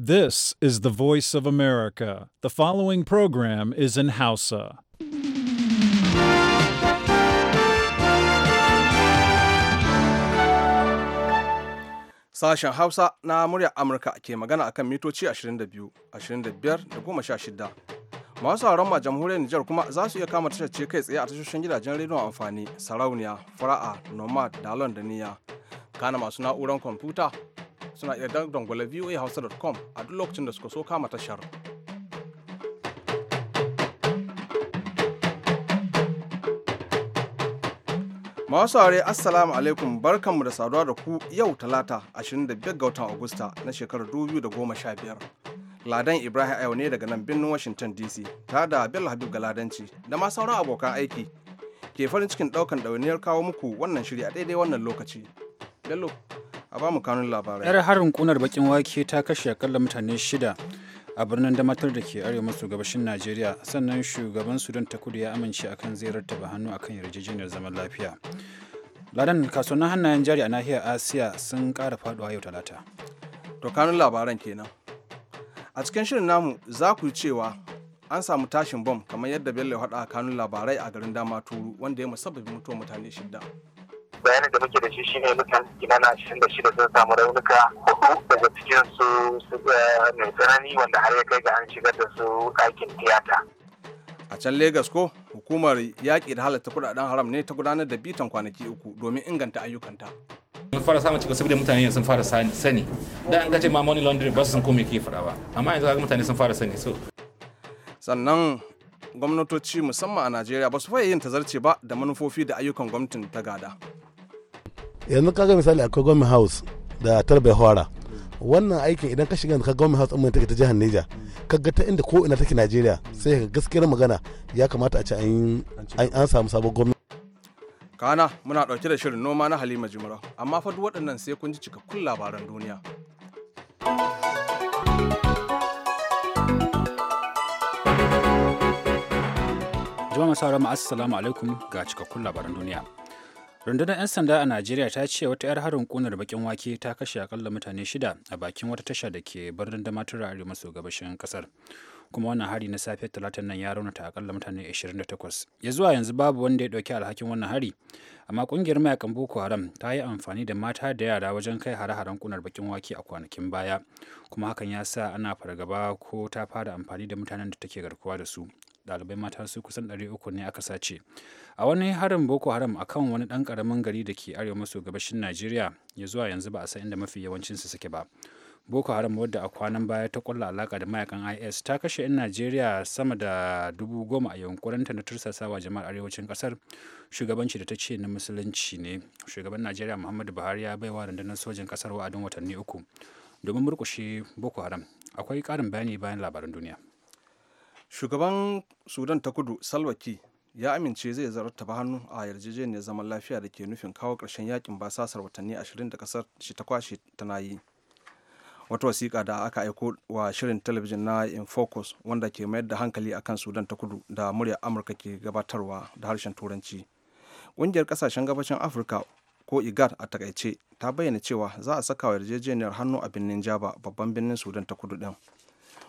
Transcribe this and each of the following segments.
This is the voice of America. The following program is in Hausa. Sashen Hausa na muryar Amurka ke magana akan mitoci 22, 25 da shida Masu sauran ma jamhuriyar Nijar kuma za su iya kama tashar kai tsaye a tashoshin gidajen rediyon amfani, sarauniya, fara'a, nomad, dalon da niyya. Kana masu na'urar kwamfuta suna iya dangwala voahausa.com a duk lokacin da suka so kama tashar. Masu aure assalamu alaikum barkanmu da saduwa da ku yau talata 25 ga watan Agusta na shekarar 2015. Ladan Ibrahim Ayo ne daga nan birnin Washington DC ta da Bello Habib ladanci da ma sauran abokan aiki ke farin cikin daukan ɗawainiyar kawo muku wannan shiri a daidai wannan lokaci. Bello, a ba mu kanun labarai yar harin kunar bakin wake ta kashe akalla mutane shida a birnin damatar da ke arewa maso gabashin najeriya sannan shugaban sudan ta kudu ya amince akan ta rattaba hannu akan yarjejeniyar zaman lafiya ladan kasuwannin hannayen jari a nahiyar asiya sun kara faduwa yau talata to kanun labaran kenan a cikin shirin namu za ku cewa an samu tashin bom kamar yadda bello ya haɗa kanun labarai a garin dama turu wanda ya musabbabi mutuwar mutane shida bayanin da muke da shi shine mutane kimanin ashirin da shida sun samu raunuka hudu daga cikin su eh, mai tsanani wanda har ya kai ga an shigar da su ɗakin tiyata. a can Legas ko hukumar yaƙi da halatta kuɗaɗen haram ne ta gudanar da bitan kwanaki uku domin inganta ayyukanta. mun fara samun cikin saboda mutane sun fara sani da an kace ma money laundering ba su san komai ke faɗa ba amma yanzu ga mutane sun fara sani so sannan gwamnatoci musamman a najeriya ba su faye yin tazarce ba da manufofi da ayyukan gwamnatin ta gada yanzu kaga misali akwai gwamnati house da tarbe hora wannan aikin idan ka shiga ka gwamnati house amma take ta jihar Neja kaga ta inda ko ina take Najeriya sai ka gaskiyar magana ya kamata a ce an samu sabon gwamnati kana muna ɗauke da shirin noma na halima jimura amma fa duk waɗannan sai kun ji cikakkun labaran duniya jama'a sauran assalamu alaikum ga cikakkun labaran duniya rundunar 'yan sanda a najeriya ta ce wata 'yar harin kunar bakin wake ta kashe akalla mutane shida a bakin wata tasha da ke birnin damatura arewa maso gabashin kasar kuma wannan hari na safe talatin nan ya raunata akalla mutane 28 ya zuwa yanzu babu wanda ya dauki alhakin wannan hari amma kungiyar mayakan boko haram ta yi amfani da mata da yara wajen kai hare-haren kunar bakin wake a kwanakin baya kuma hakan ya sa ana fargaba ko ta fara amfani da mutanen da take garkuwa da su dalibai mata su kusan ɗari uku ne aka sace a wani harin boko haram a kan wani ɗan ƙaramin gari da ke arewa maso gabashin najeriya ya zuwa yanzu ba a san inda mafi su suke ba boko haram wadda a kwanan baya ta kulla alaka da mayakan is ta kashe 'yan najeriya sama da dubu goma a yankuranta na tursasawa jama'ar arewacin kasar shugabanci da ta ce na musulunci ne shugaban najeriya muhammadu buhari ya baiwa rundunar sojin kasar wa'adin watanni uku domin murkushe boko haram akwai ƙarin bayani bayan labaran duniya shugaban sudan ta kudu salwaki ya amince zai zartaba hannu a yarjejeniyar zaman lafiya da ke nufin kawo karshen yakin basasar watanni 20 da kasar shi ta kwashe tana yi wata wasiƙa da aka aiko wa shirin talabijin na infocus wanda ke mayar da hankali akan sudan ta kudu da murya amurka ke gabatarwa da harshen turanci ƙungiyar ƙasashen gabashin afirka ko igar a takaice ta bayyana cewa za a saka wa yarjejeniyar hannu a birnin jaba babban birnin sudan ta kudu din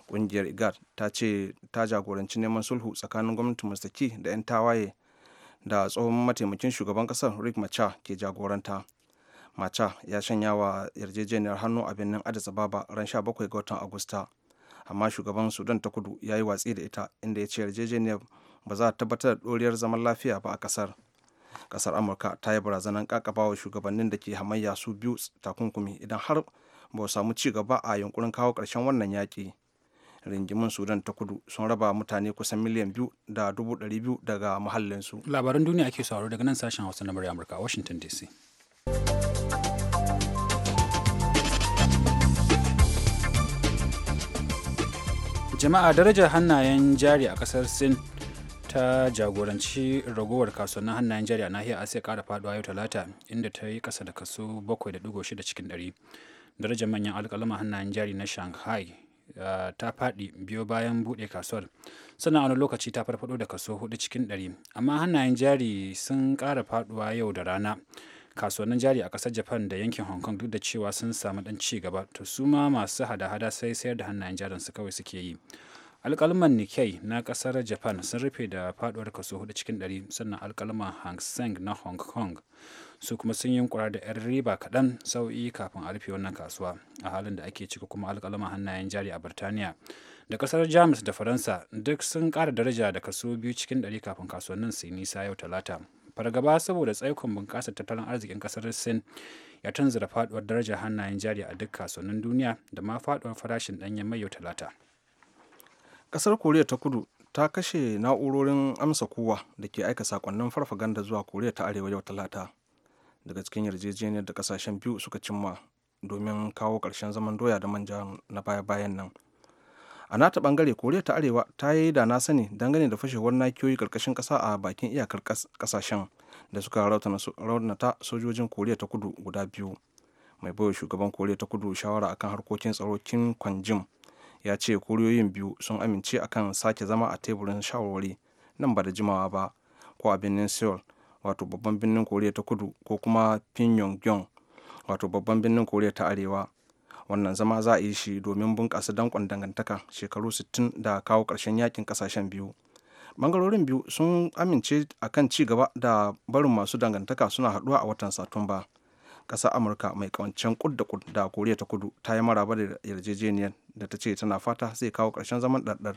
kungiyar igad ta ce ta jagoranci neman sulhu tsakanin gwamnati mastaki da 'yan tawaye da tsohon mataimakin shugaban kasar rick macha ke jagoranta macha ya shanya wa yarjejeniyar hannu a birnin addis ababa ran 17 ga watan agusta amma shugaban sudan ta kudu ya yi watsi da ita inda ya ce yarjejeniyar ba za a tabbatar da doriyar zaman lafiya ba a kasar kasar amurka ta yi barazanar wa shugabannin da ke hamayya su biyu takunkumi idan har ba samu ci gaba a yunkurin kawo ƙarshen wannan yaƙi. ringimin sudan ta kudu sun raba mutane kusan miliyan biyu da dubu ɗari biyu daga muhallinsu labaran duniya ake sauraro daga nan sashen hausa na murya amurka washington dc jama'a darajar hannayen jari a kasar sin ta jagoranci ragowar kasuwannin hannayen jari a nahiyar asiya kara faduwa yau talata inda ta yi kasa da kaso 7.6 cikin 100 darajar manyan alkalama hannayen jari na shanghai ta faɗi biyo bayan buɗe kasuwar sannan wani lokaci ta farfado da kaso hudu cikin ɗari amma hannayen jari sun ƙara faduwa yau da rana kasuwannin jari a ƙasar japan da yankin hong kong duk da cewa sun samu ɗan ci gaba to su ma masu hada-hada sai sayar da hannayen jarin su kawai suke yi alkalman nikkei na ƙasar japan sun rufe da faduwar kaso hudu cikin ɗari sannan alkalman hang seng na hong kong su kuma sun yi kwara da 'yan riba kaɗan sau'i kafin a rufe wannan kasuwa a halin da ake ciki kuma alƙalama hannayen jari a birtaniya da ƙasar jamus da faransa duk sun ƙara daraja da kaso biyu cikin ɗari kafin kasuwannin su yi nisa yau talata fargaba saboda tsaikon bunƙasar tattalin arzikin ƙasar sin ya tanzara faɗuwar darajar hannayen jari a duk kasuwannin duniya da ma faɗuwar farashin ɗanyen mai yau talata ƙasar koriya ta kudu ta kashe na'urorin amsa kowa da ke aika sakonnin farfaganda zuwa koriya ta arewa yau talata daga cikin yarjejeniyar da kasashen biyu suka cimma domin kawo ƙarshen zaman doya da manja na baya-bayan nan a nata bangare koriya ta arewa ta yi da na sani dangane da fashewar nakiyoyi karkashin ƙasa a bakin iyakar ƙasashen da suka raunata sojojin koriya ta kudu guda biyu mai baiwa shugaban koriya ta kudu shawara akan harkokin tsaro kim kwanjim ya ce koriyoyin biyu sun amince akan sake zama a teburin shawarwari nan ba da jimawa ba ko a birnin seoul wato babban birnin koriya ta kudu ko kuma pyongyang wato babban birnin koriya ta arewa wannan zama za a yi shi domin bunƙasa dankon dangantaka shekaru 60 da kawo ƙarshen yakin ƙasashen biyu bangarorin biyu sun amince a kan ci gaba da barin masu dangantaka suna haɗuwa a watan satumba ƙasa amurka mai ƙawancen da kud da koriya ta kudu ta yi maraba da yarjejeniyar da ta ce tana fata zai kawo ƙarshen zaman ɗarɗar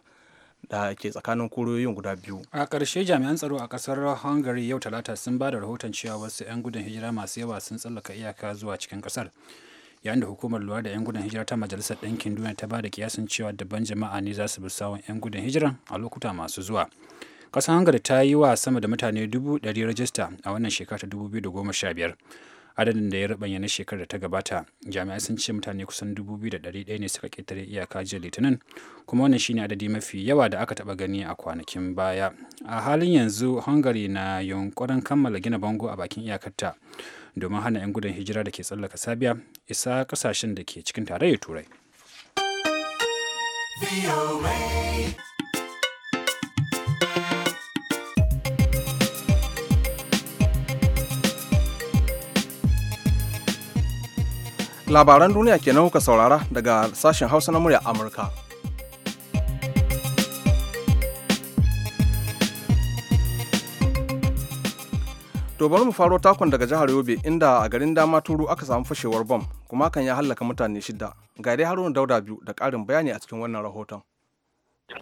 da ke tsakanin kuriyoyin guda biyu a ƙarshe jami'an tsaro a ƙasar hungary yau talata sun ba da rahoton cewa wasu 'yan gudun hijira masu yawa sun tsallaka iyaka zuwa cikin ƙasar yayin da hukumar lura da 'yan gudun hijira ta majalisar ɗinkin duniya ta ba da kiyasin cewa daban jama'a ne za su bi sawun 'yan gudun hijira a lokuta masu zuwa ƙasar hungary ta yi wa sama da mutane dubu ɗari rajista a wannan shekara ta 2015 adadin da ya rubanya na shekarar da ta gabata jami'ai sun ce mutane kusan da 2,100 ne suka ketare iyaka jiya litinin kuma wannan shine adadi mafi yawa da aka taɓa gani a kwanakin baya a halin yanzu hungary na yunkurin kammala gina bango a bakin iyakarta domin hana 'yan gudun hijira da ke tsallaka sabiya isa kasashen da ke cikin tarayyar turai labaran duniya kenan kuka saurara daga sashen hausa na murya amurka to bari mu faro takon daga jihar yobe inda a garin dama turu aka samu fashewar bom kuma kan ya hallaka mutane shida ga dai haruna dauda biyu da karin bayani a cikin wannan rahoton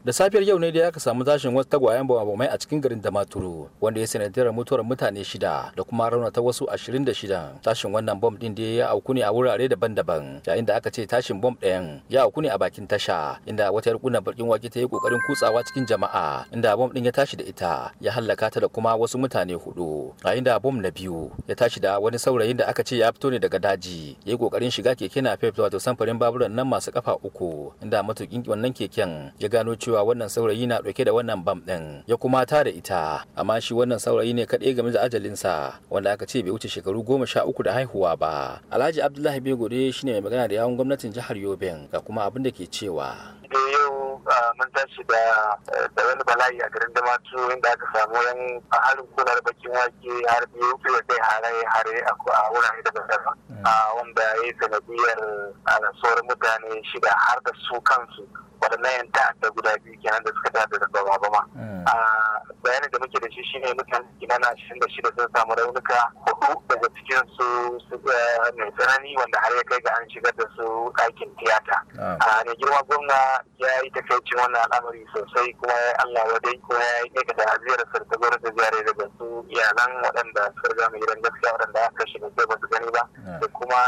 da safiyar yau ne da aka samu tashin wasu tagwayen bamai a cikin garin damaturu wanda ya sanadiyar mutuwar mutane shida da kuma raunata wasu ashirin da shida tashin wannan bom din da ya auku ne a wurare daban-daban yayin da aka ce tashin bom ɗayan ya auku ne a bakin tasha inda wata yarkunan bakin wake ta yi kokarin kutsawa cikin jama'a inda bom din ya tashi da ita ya hallaka ta da kuma wasu mutane hudu yayin da bom na biyu ya tashi da wani saurayin da aka ce ya fito ne daga daji ya yi kokarin shiga keke na wato samfarin baburan nan masu kafa uku inda matukin wannan keken ya gano cewa wannan saurayi na ɗauke da wannan bam ɗin ya kuma ta da ita amma shi wannan saurayi ne kaɗai game da ajalinsa wanda aka ce bai wuce shekaru goma sha uku da haihuwa ba alhaji abdullahi begode shine mai magana da yawun gwamnatin jihar yobin ga kuma abin da ke cewa eh, mun tashi da da wani bala'i a garin damatu inda aka samu yan harin kunar bakin wake har biyu fiye da hare hare a wurare daban hmm. a wanda ya yi sanadiyar rasuwar mutane shida har da su kansu waɗannan yan ta'adda guda biyu kenan da suka tada da baba ma eh. bayanin da muke da shi shine mutane kimanin ashirin da shida sun samu raunuka hudu daga cikin su eh, mai tsanani wanda har ya kai ga an shigar da su ɗakin tiyata ne ah. girma gwamna ya yi takaicin wannan al'amari sosai kuma ya Allah wadai kuma ya yi daga da aziyar sarta gwamnati da ziyarar daga su iyalan waɗanda suka riga mai gidan gaskiya waɗanda aka shiga sai ba su gani ba ah. da kuma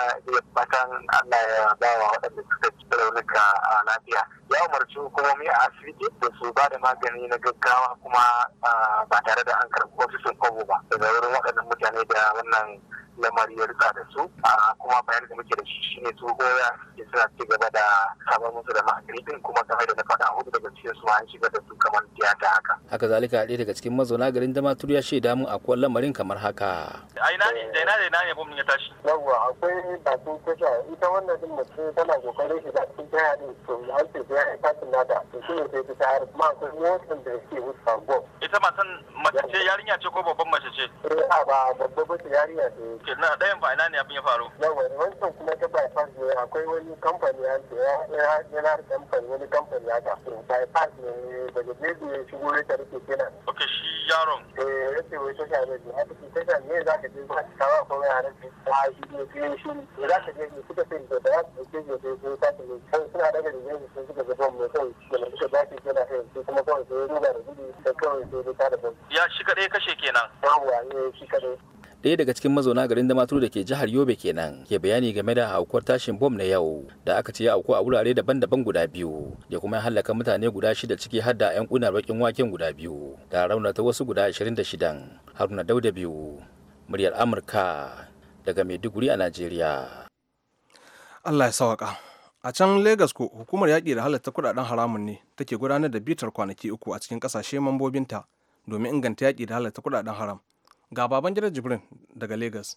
fatan Allah ya ba wa waɗanda suka ci raunuka a lafiya ya umarci hukumomi a asibiti da su ba da magani na gaggawa kuma ah, ba tare da an karɓi ofisin kobo ba daga wurin waɗannan mutane da wannan lamari ya da su kuma bayan da muke da shi shine su goya da suna ci gaba da samar musu da ma'adirin kuma kamar da na faɗa hudu daga cikin su an shiga da su kamar tiyata haka haka zalika ɗaya daga cikin mazauna garin Damaturu ya shaida mun akwai lamarin kamar haka a ina ne da ina da ina ne bomin ya tashi yawwa akwai bakin kusa ita wannan din mutum tana kokarin shiga cikin tiyata ne, to an ce ya yi fatin nata to shi ne sai ta tayar ma akwai motsin da yake wuce ita matan mace ce yarinya ce ko babban mace ce eh a ba babba ba ce yarinya ce ke na ɗayan fa ina ne abin ya faru yawa wancan kuma ta bypass ne akwai wani kamfani ya ce yana da kamfani wani kamfani ya ta bypass ne daga jeji ya shigo ya ta rufe kenan ok shi yaron eh rufe wai ta share ne ne za ka je ba ka kawo ko ya rufe ta shi ne ke shi ne za ka je ne suka sai da ya su ke je sai ta ce sai suna daga jeji sun suka ga bom kai da suka ba ki kenan sai kuma kawai sai ya da gudu sai kawai sai ta da bom ya shi kadai kashe kenan yawa ne eh, shi kadai ɗaya daga cikin mazauna garin damaturu da ke jihar yobe kenan ke bayani game da aukuwar tashin bom na yau da aka ce ya auku a wurare daban-daban guda biyu da kuma ya halaka mutane guda shida ciki har da 'yan kunar bakin waken guda biyu da ta wasu guda 26 haruna dauda biyu muryar amurka daga maiduguri a najeriya allah ya sawaka a can legas ko hukumar yaƙi da halatta kuɗaɗen haramun ne take gudanar da bitar kwanaki uku a cikin ƙasashe mambobinta domin inganta yaƙi da halatta kuɗaɗen haram ga baban gidan jibrin daga lagos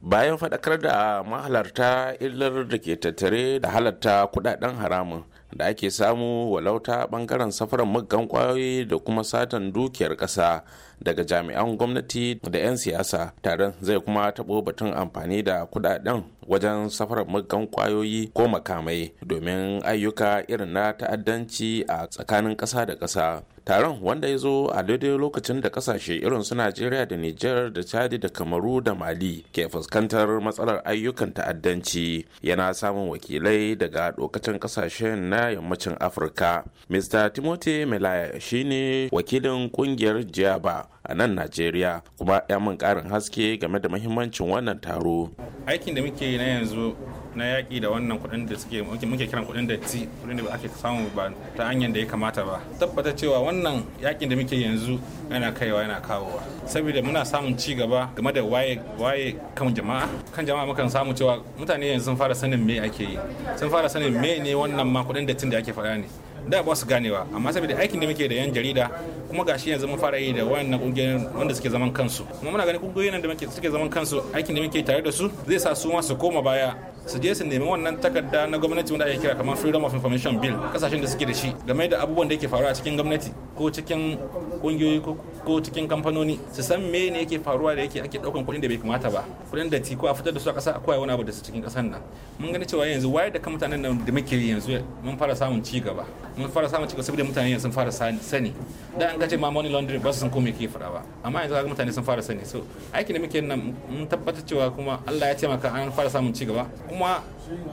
bayan faɗakar da mahalarta illar da ke tattare da halarta kudaden haramun da ake samu walauta ɓangaren safaran muggan kwayoyi da kuma satan dukiyar ƙasa daga jami'an gwamnati da 'yan siyasa taron zai kuma taɓo batun amfani da kudaden wajen safarar muggan kwayoyi ko makamai domin ayyuka irin na ta'addanci a tsakanin ƙasa da ƙasa taron wanda ya zo a daidai lokacin da kasashe irin su najeriya da nijar da chadi da kamaru da mali ke fuskantar matsalar ayyukan ta'addanci yana samun wakilai daga dokacin kasashen na yammacin afirka mr timothy melaya shine wakilin kungiyar jaba a nan najeriya kuma ya mun karin haske game da mahimmancin wannan taro aikin da muke na yanzu na yaƙi da wannan kuɗin da suke muke kiran kuɗin da ti kuɗin da ba ake samu ba ta hanyar da ya kamata ba tabbata cewa wannan yaƙin da muke yanzu yana kaiwa yana kawowa saboda muna samun ci gaba game da waye waye kan jama'a kan jama'a mukan samu cewa mutane yanzu sun fara sanin me ake yi sun fara sanin me ne wannan ma kuɗin da tin da ake faɗa ne da ba su ganewa amma saboda aikin da muke da yan jarida kuma gashi yanzu mun fara yi da wannan kungiyoyin wanda suke zaman kansu kuma muna ganin kungiyoyin da suke zaman kansu aikin da muke tare da su zai sa su ma su koma baya su je su nemi wannan takarda na gwamnati wanda ake kira kamar freedom of information bill kasashen da suke da shi game da abubuwan da yake faruwa cikin gwamnati ko cikin kungiyoyi ko cikin kamfanoni su san me ne yake faruwa da yake ake daukan kuɗin da bai kamata ba kuɗin da ko a fitar da su a ƙasa akwai wani abu da su cikin ƙasar nan mun gani cewa yanzu wayar da kan mutanen nan da muke yanzu mun fara samun ci gaba mun fara samun ci gaba saboda mutane yanzu sun fara sani da an kace ma money laundering ba su san ko ke faɗa ba amma yanzu ga mutane sun fara sani so aikin da muke nan mun tabbata cewa kuma Allah ya taimaka an fara samun ci gaba kuma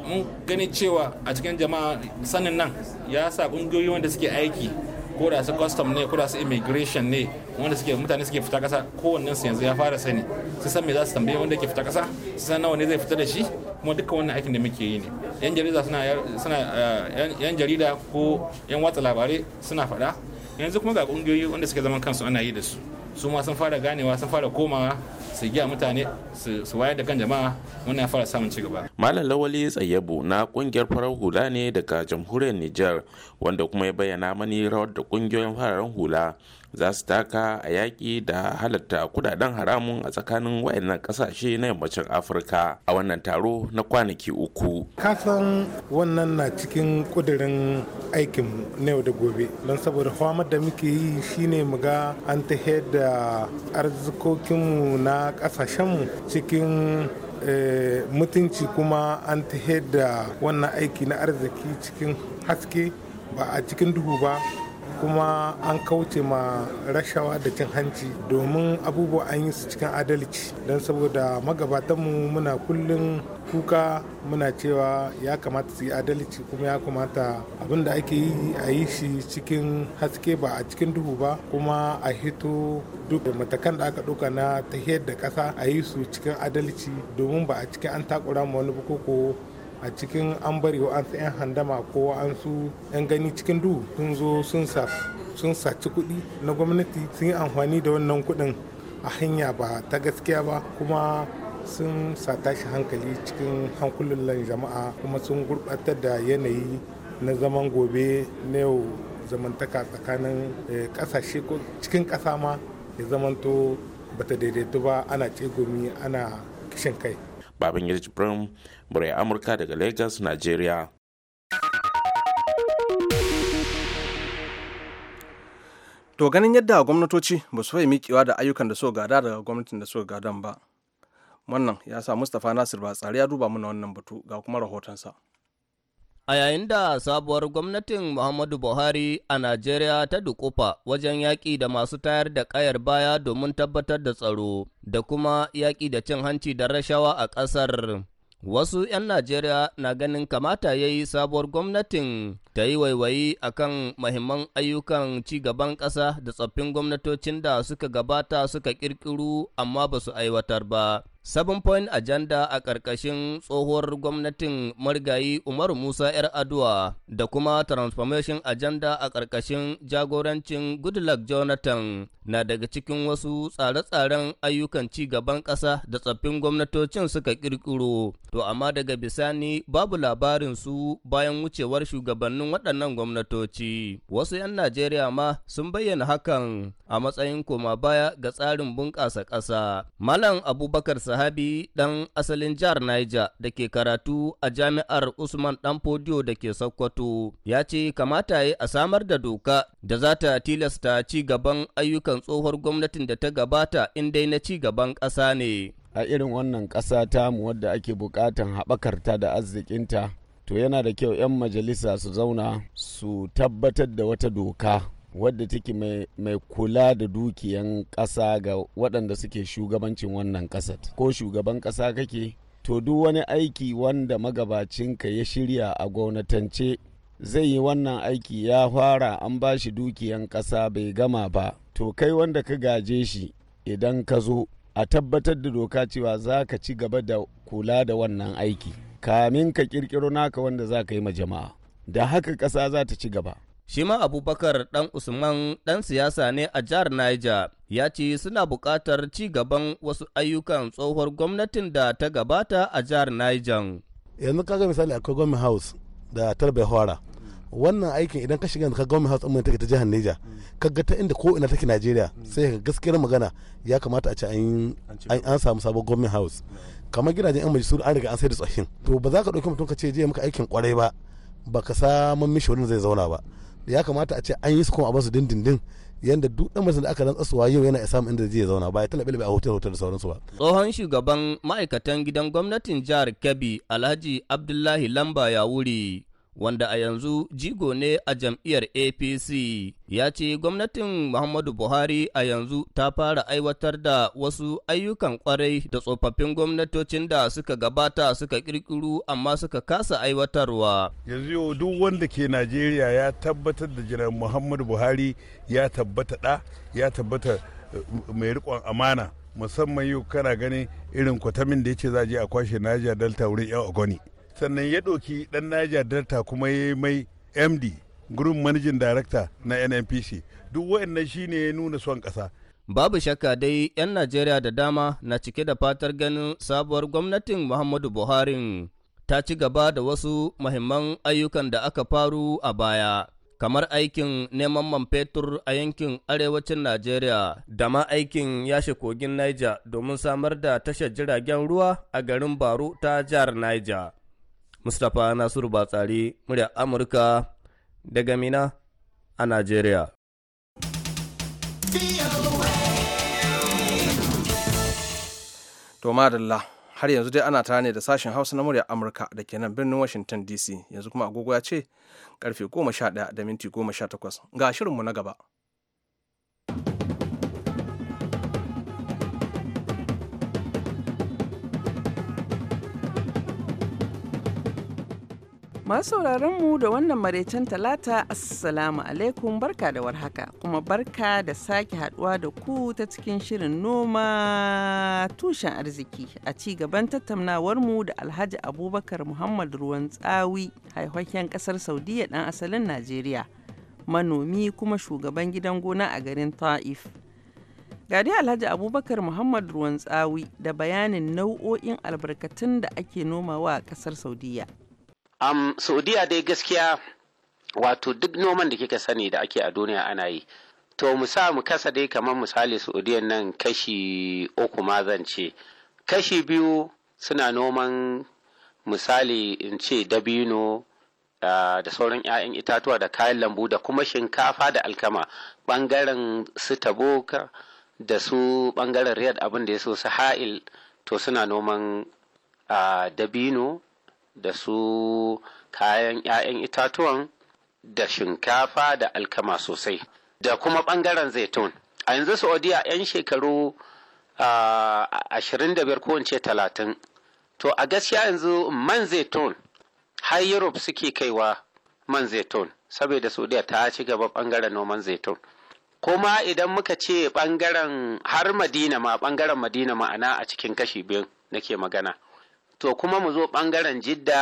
mun gani cewa a cikin jama'a sanin nan ya sa kungiyoyi wanda suke aiki ko da su custom ne ko da su immigration ne wanda suke mutane suke fita kasa kowanne su yanzu ya fara sani su san me za su tambaye wanda ke fita kasa su san nawa ne zai fita da shi kuma dukkan wannan aikin da muke yi ne yan jarida suna suna eh, yan jarida ko yan watsa labarai suna faɗa yanzu kuma ga ƙungiyoyi wanda suke zaman kansu ana yi da su su ma sun fara ganewa sun fara komawa su giya mutane su wayar da kan jama'a muna fara samun ci gaba malam lawali tsayyabu na kungiyar farar hula ne daga jamhuriyar nijar wanda kuma ya bayyana mani rawar da kungiyoyin fararen hula za su taka a yaƙi da halatta kudaden haramun a tsakanin wayannan ƙasashe na yammacin afirka a wannan taro na kwanaki uku kasan wannan na cikin ƙudurin aikinmu na yau da gobe don saboda famar da muke yi shine mu ga an ta da arzikokinmu na ƙasashenmu cikin eh, mutunci kuma an ta da wannan aiki na arziki cikin haske ba a cikin duhu ba kuma an kauce ma rashawa da cin hanci domin abubuwa an yi su cikin adalci don saboda magabatanmu muna kullum kuka muna cewa ya kamata su yi adalci kuma ya kamata abin da ake yi a yi shi cikin haske ba a cikin duhu ba kuma a hito duk matakan da aka ɗauka na tahiyar da ƙasa a yi su cikin adalci domin ba a cikin an takura ma wani ko a cikin an bari an 'yan handama ko wa'ansu 'yan gani cikin duhu sun zo sun saci kuɗi na gwamnati sun yi amfani da wannan kuɗin a hanya ba ta gaskiya ba kuma sun sata shi hankali cikin hankulan jama'a kuma sun gurɓatar da yanayi na zaman gobe na yau zamantaka tsakanin eh, ƙasashe ko cikin ƙasa ma ya zamanto bata daidaitu ba ana ce gomi ana kishin kai babin murai amurka daga lagos nigeria to ganin yadda gwamnatoci ba su fahimi kewa da ayyukan da suka gada daga gwamnatin da suka gadan ba wannan ya sa mustapha nasir ba tsari ya duba mana wannan batu ga kuma rahotonsa A yayin da sabuwar gwamnatin Muhammadu Buhari a Najeriya ta dukufa wajen yaƙi da masu tayar da ƙayar baya domin tabbatar da tsaro da kuma yaƙi da cin hanci da rashawa a ƙasar. Wasu 'yan Najeriya na ganin kamata ya yi sabuwar gwamnatin ta yi waiwayi a kan mahimman ayyukan ci gaban ƙasa da tsoffin gwamnatocin da suka gabata suka ƙirƙiru amma ba su aiwatar ba. Seven Point Agenda a ƙarƙashin tsohuwar gwamnatin marigayi Umaru Musa 'yar Adua da kuma Transformation Agenda a ƙarƙashin jagorancin Goodluck Jonathan na daga cikin wasu tsare-tsaren ayyukan ci gaban ƙasa da tsaffin gwamnatocin suka ƙirƙiro. To amma daga bisani babu labarin su bayan wucewar shugabannin waɗannan gwamnatoci. Wasu 'yan Najeriya ma sun bayyana hakan a matsayin koma baya ga tsarin bunƙasa ƙasa. Malam Abubakar Sahabi ɗan asalin jihar Niger da ke karatu a jami'ar Usman ɗan Fodiyo da ke Sokoto ya ce kamata ya a samar da doka da za ta tilasta ci gaban ayyukan tsohuwar gwamnatin da ta gabata in dai na ci gaban ƙasa ne. A irin wannan ƙasa tamu wadda ake buƙatan haɓakarta da arzikinta, to yana da kyau 'yan majalisa su zauna su tabbatar da wata doka wadda take mai kula da dukiyan kasa ga waɗanda suke shugabancin wannan ƙasar ko shugaban ƙasa kake to duk wani aiki wanda magabacinka ya shirya a gwamnatance zai yi wannan aiki ya fara an ba shi dukiyan ƙasa bai gama ba to kai wanda ka gaje shi idan ka zo a tabbatar da doka cewa za ka ci gaba da kula da wannan aiki kamin ka kirkiro naka wanda za ka yi ma jama'a da haka ƙasa za ta ci gaba Shi ma Abubakar dan Usman dan siyasa ne a jihar Niger ya ce suna buƙatar ci gaban wasu ayyukan tsohuwar gwamnatin da ta gabata a jihar Niger. Yanzu kaga misali akwai Gwamnati House da Tarbe Hora. Wannan aikin idan ka shiga ka Gwamnati House ɗin ta jihar Niger, ka ga ta inda ko ina take Najeriya sai ka gaskiyar magana ya kamata a ce an samu sabon Gwamnati House. Kamar gidajen 'yan majisur an riga an sai da tsohin. To ba za ka ɗauki mutum ka ce je maka aikin kwarai ba. baka samun mishi wurin zai zauna ba da ya kamata a ce an yi su kuma a basu dindindin yadda duk dan mutum da aka rantsa suwa yau yana isa inda zai zauna ba ya tana bilbi a hotel hotel da sauransu ba. Tsohon shugaban ma'aikatan gidan gwamnatin jihar Kebbi Alhaji Abdullahi Lamba ya wuri. wanda a yanzu jigo ne a jam'iyyar APC, ya ce gwamnatin Muhammadu Buhari a yanzu ta fara aiwatar da wasu ayyukan kwarai da tsofaffin gwamnatocin da suka gabata suka kirkiru amma suka kasa aiwatarwa. Yanzu yau duk wanda ke Najeriya ya tabbatar da jiran Muhammadu Buhari ya tabbata da ya tabbata eh, mai riƙon amana. musamman yau kana ganin irin kwatamin da ya ce za a je a kwashe Niger Delta wurin 'yan Ogoni. sannan ya ɗauki ɗan naija Delta kuma ya mai MD Group Managing Director na NNPC duk shi shine ya nuna son ƙasa. Babu shakka dai 'yan Najeriya da dama na cike da fatar ganin sabuwar gwamnatin Muhammadu Buhari ta ci gaba da wasu mahimman ayyukan da aka faru a baya. kamar aikin neman man fetur a yankin arewacin Najeriya da ma aikin yashe kogin Niger domin samar da tashar jiragen ruwa a garin Baro ta jihar Niger. Mustapha Nasiru Batsari, murya Amurka daga Mina a Najeriya. To madalla har yanzu dai ana tare ne da sashen Hausa na murya Amurka da ke nan birnin Washington DC yanzu kuma agogo ya ce karfe 11 da minti 18 ga shirinmu na gaba. Masu sauraron mu da wannan maraicen talata assalamu alaikum barka da warhaka kuma barka da sake haduwa da ku ta cikin shirin noma tushen arziki a ci gaban tattaunawar mu da Alhaji Abubakar Muhammad Ruwan Tsawi haihakken kasar Saudiya dan asalin Najeriya manomi kuma shugaban gidan gona a garin Ta'if. gadi Alhaji Abubakar Muhammad Ruwan Tsawi da bayanin nau'o'in albarkatun da ake nomawa a kasar Saudiya. um, saudiya dai gaskiya wato duk noman da kika sani da ake a duniya ana yi to mu sa mu kasa dai kamar misali saudiya nan kashi uku ma zan ce kashi biyu suna noman misali in ce dabino ah, da sauran 'ya'yan itatuwa da kayan lambu da kuma shinkafa da alkama bangaren su taboka da su bangaren riyad abin da ya so su ha'il to suna noman ah, dabino da su kayan 'ya'yan itatuwan da shinkafa da alkama sosai da kuma ɓangaren zaitun a yanzu saudiya 'yan shekaru ashirin da biyar kowace talatin to a gaskiya yanzu man zaitun har europe suke kaiwa man zaitun saboda saudiya ta ci gaba ɓangaren noman zaitun kuma idan muka ce ɓangaren har madina ma ɓangaren madina ma'ana a cikin kashi biyu nake magana to kuma mu zo ɓangaren jidda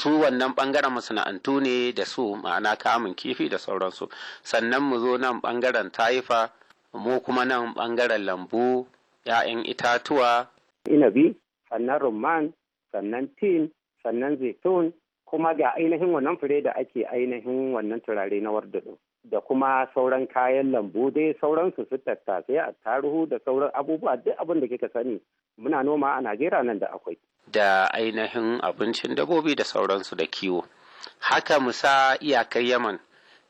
su wannan ɓangaren masana'antu ne da su ma'ana kamun kifi da sauransu sannan mu zo nan ɓangaren taifa mu kuma nan ɓangaren lambu ‘ya'yan itatuwa inabi sannan rumman sannan tin sannan zaitun kuma ga ainihin wannan fure da ake ainihin wannan turare na wardado da kuma sauran kayan lambu dai sauransu su tattasai a taruhu da sauran abubuwa duk abin da kika sani muna noma a najeriya nan da akwai da ainihin abincin dabobi da sauransu da kiwo haka musa iyakar yaman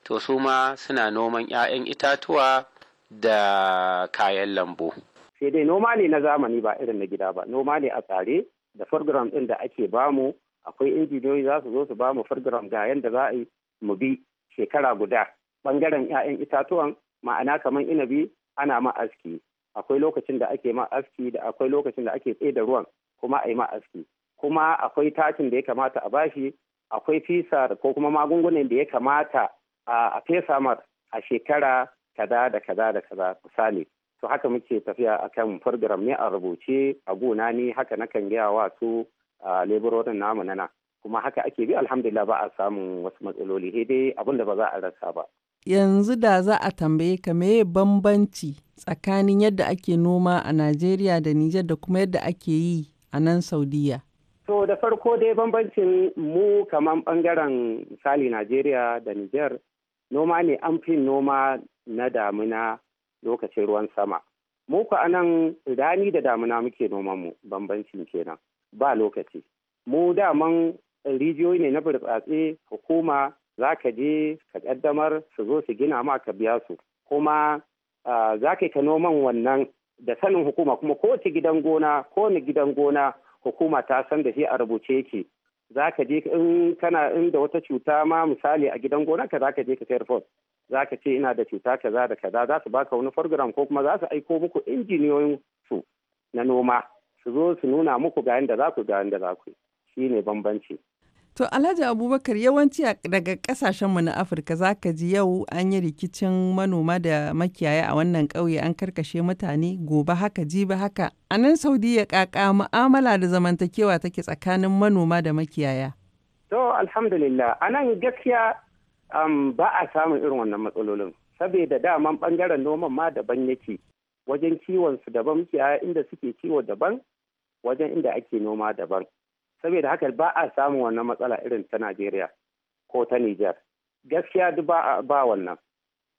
to su ma suna noman 'ya'yan itatuwa da kayan lambu sai dai noma ne na zamani ba irin na gida ba noma ne a tsare da program ɗin da ake bamu akwai injiniyoyi za su zo su bamu program ga yadda za a yi mu bi shekara guda bangaren 'ya'yan itatuwan ma'ana kamar inabi ana ma aski akwai lokacin da ake ma aski da akwai lokacin da ake tsaye da ruwan kuma a yi ma aski kuma akwai tatin da ya kamata a bashi akwai fisa ko kuma magungunan da ya kamata a fesa mar a shekara kaza da kaza da kaza misali to haka muke tafiya akan program ne a rubuce a gona ni haka na kan gaya wa su leburorin namu nana kuma haka ake bi alhamdulillah ba a samun wasu matsaloli dai abin da ba za a rasa ba yanzu da za a tambaye ka meye bambanci tsakanin yadda ake noma a Najeriya da Nijar da kuma yadda ake yi a nan Saudiya? To da farko dai bambancin mu kamar bangaren misali Najeriya da Nijar noma ne an fi noma na damina lokacin ruwan sama. Mu ku nan rani da damina muke noman mu bambancin kenan ba lokaci. Mu daman rijiyoyi ne na burtsatse hukuma za ka je ka ƙaddamar su zo su gina ma ka biya su kuma za ka yi ka noman wannan da sanin hukuma kuma ta gidan gona ni gidan gona hukuma ta san da shi a rubuce yake za ka je in kana in da wata cuta ma misali a gidan gona ka za ka je ka kai report za ka ce ina da cuta kaza da kaza za su baka wani program ko kuma za su aiko muku injiniyoyin su na noma su zo su nuna muku ga yanda za ku ga yanda za ku yi shi bambanci To Alhaji Abubakar yawanci daga kasashenmu na Afirka za ka ji yau an yi rikicin manoma da makiyaya a wannan ƙauye an karkashe mutane gobe haka jibi haka. A nan Saudiya kaka mu'amala da zamantakewa take tsakanin manoma da makiyaya. To alhamdulillah a nan gaskiya ba a samun irin wannan matsalolin. Saboda daman ɓangaren noman ma daban yake wajen kiwon su daban makiyaya inda suke kiwo daban wajen inda ake noma daban. saboda haka ba a samun wannan matsala irin ta najeriya ko ta nijar gaskiya duk ba wannan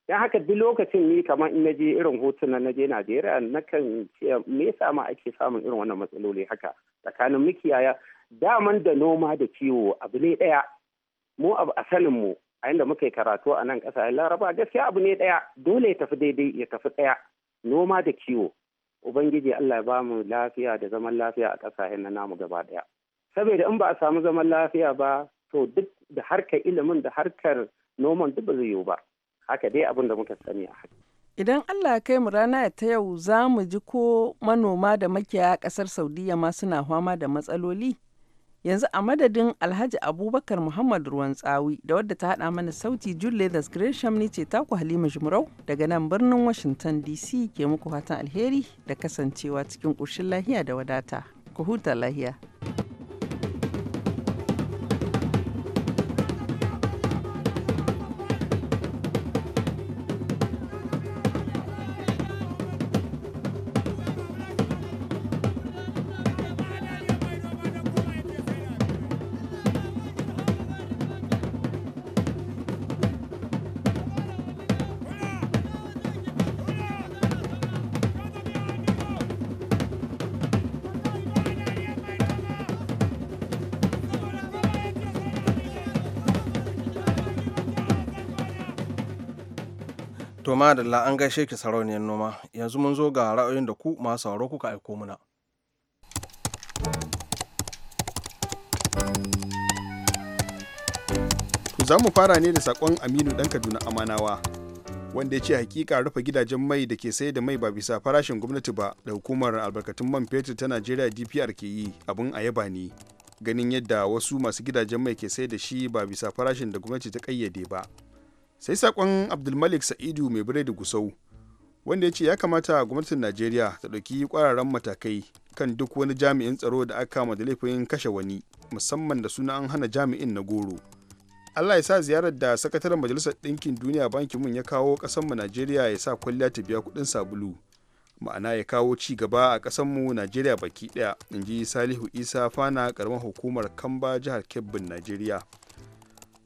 don haka duk lokacin ni kamar in na je irin hotunan na je najeriya na kan ce me yasa ma ake samun irin wannan matsaloli haka tsakanin mikiyaya daman da noma da kiwo abu ne daya mu abu asalin mu a inda muka yi karatu a nan ƙasa laraba gaskiya abu ne daya dole ya tafi daidai ya tafi daya noma da kiwo ubangiji allah ya bamu lafiya da zaman lafiya a ƙasashen na namu gaba daya. saboda in ba a samu zaman lafiya ba to duk da harkar ilimin da harkar noman duk ba zai yiwu ba haka dai abin da muka sani a haka idan Allah ya kai mu rana ta yau za mu ji ko manoma da makiyaya kasar Saudiya ma suna fama da matsaloli yanzu a madadin Alhaji Abubakar Muhammad Ruwan Tsawi da wadda ta hada mana sauti Julie Das Gresham ni ce taku Halima jimurau daga nan birnin Washington DC ke muku fatan alheri da kasancewa cikin ƙoshin lahiya da wadata ku huta lahiya To da an gaishe ki sarauniyar noma yanzu mun zo ga ra'ayoyin da ku masu sauro kuka aiko muna. To za mu fara ne da sakon Aminu ɗan Kaduna Amanawa wanda ya ce hakika rufe gidajen mai da ke sayar da mai ba bisa farashin gwamnati ba da hukumar albarkatun man fetur ta Najeriya DPR ke yi abin ayaba ne. Ganin yadda wasu masu gidajen mai ke sayar da shi ba bisa farashin da gwamnati ta kayyade ba. sai sakon abdulmalik sa'idu mai bire da gusau wanda ya ce ya kamata gwamnatin najeriya ta ɗauki kwararan matakai kan duk wani jami'in tsaro da aka kama da laifin kashe wani musamman da suna an hana jami'in na goro allah ya sa ziyarar da sakataren majalisar ɗinkin duniya bankin mun ya kawo mu najeriya ya sa kwalliya ta biya kuɗin sabulu ma'ana ya kawo ci gaba a mu najeriya baki ɗaya in ji salihu isa fana ƙaramar hukumar kamba jihar kebbin najeriya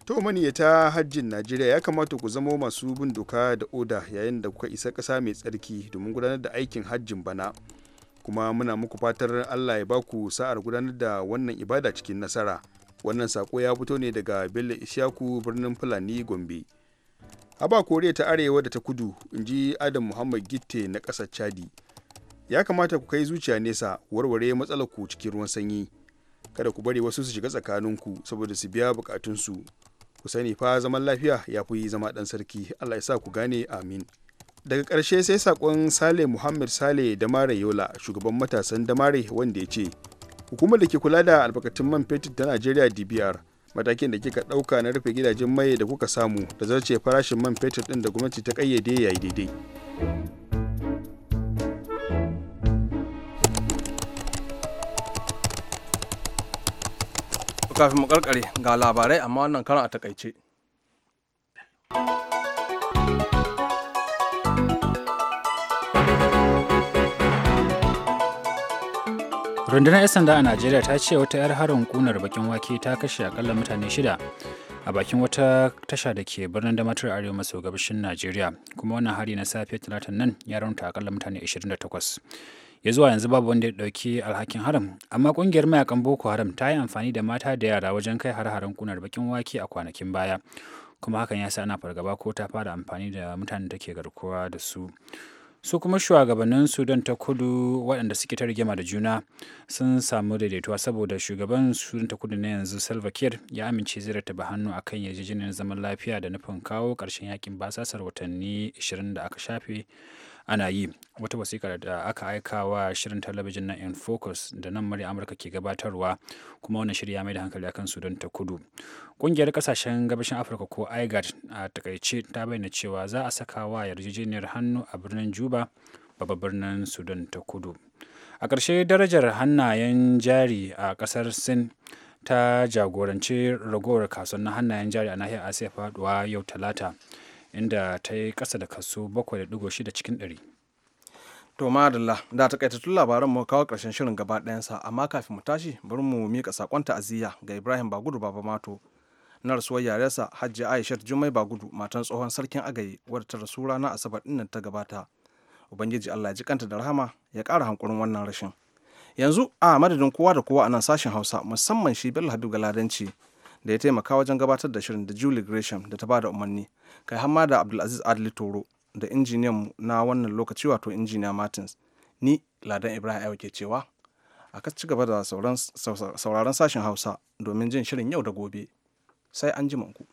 to maniyata hajjin najeriya ya kamata ku zama masu bin doka da oda yayin da kuka isa kasa mai tsarki domin gudanar da aikin hajjin bana kuma muna muku fatar allah ya baku sa'ar gudanar da wannan ibada cikin nasara wannan sako ya fito ne daga bello ishaku birnin fulani gombe haba koriya ta arewa da ta kudu in ji adam muhammad gitte na ƙasar chadi ya kamata ku kai zuciya nesa warware matsalar ku cikin ruwan sanyi kada ku bari wasu su shiga tsakaninku saboda su biya bukatunsu ku sani fa zaman lafiya ya fi zama ɗan sarki allah ya sa ku gane amin daga ƙarshe sai saƙon sale muhammad sale damare yola shugaban matasan damare wanda ya ce hukumar da ke kula da albarkatun man fetur ta najeriya dbr matakin da kika ɗauka na rufe gidajen mai da kuka samu da zarce farashin man fetur ɗin da gwamnati ta ƙayyade ya yi daidai kafin mu karkare ga labarai amma wannan karan a takaice rundunar 'yan sanda a najeriya ta ce wata 'yar harin kunar bakin wake ta kashe akalla mutane shida a bakin wata tasha da ke birnin damatar arewa maso gabashin najeriya kuma wannan hari na safiyar talatin nan ya raunta akalla mutane 28 ya zuwa yanzu babu wanda ya ɗauki alhakin haram amma ƙungiyar mayakan boko haram ta yi amfani da mata da yara wajen kai har-haren kunar bakin wake a kwanakin baya kuma hakan ya sa ana fargaba ko ta fara amfani da mutanen da ke garkuwa da su su kuma shugabannin sudan ta kudu waɗanda suke ta rigima da juna sun samu daidaituwa saboda shugaban sudan ta kudu na yanzu salva kiir ya amince zai rataba hannu a kan yarjejeniyar zaman lafiya da nufin kawo ƙarshen yakin basasar watanni 20 da aka shafe ana yi wata wasikar da aka aika wa shirin talabijin na in focus da nan murya amurka ke gabatarwa kuma wannan shirya mai da hankali akan sudan ta kudu ƙungiyar ƙasashen gabashin afirka ko igad a takaice ta bayyana cewa za a saka wa yarjejeniyar hannu a birnin juba babban birnin sudan ta kudu a ƙarshe darajar hannayen jari a ƙasar sin ta jagoranci ragowar kasuwannin hannayen jari a nahiyar asiya faduwa yau talata inda ta yi kasa da kaso 7.6 cikin 100 to madalla da kaitattun labaran mu kawo karshen shirin gaba ɗayansa amma kafin mu tashi bari mu miƙa saƙon ta'aziyya ga ibrahim bagudu baba mato na rasuwar yarensa hajji aishat jummai bagudu matan tsohon sarkin agaye wadda ta rasu ranar asabar din ta gabata ubangiji allah ya ji kanta da rahama ya ƙara hankurin wannan rashin yanzu a madadin kowa da kowa a nan sashen hausa musamman shi bello habib galadanci da ya taimaka wajen gabatar da shirin da Julie Gresham da ta bada umarni, kai hamma da Abdulaziz Adli Toro da injiniyan na wannan lokaci wato injiniya Martins. Ni Ladan Ibrahim ke cewa a ka ci gaba da sauraron sashen Hausa domin jin shirin yau da gobe. Sai an ji manku.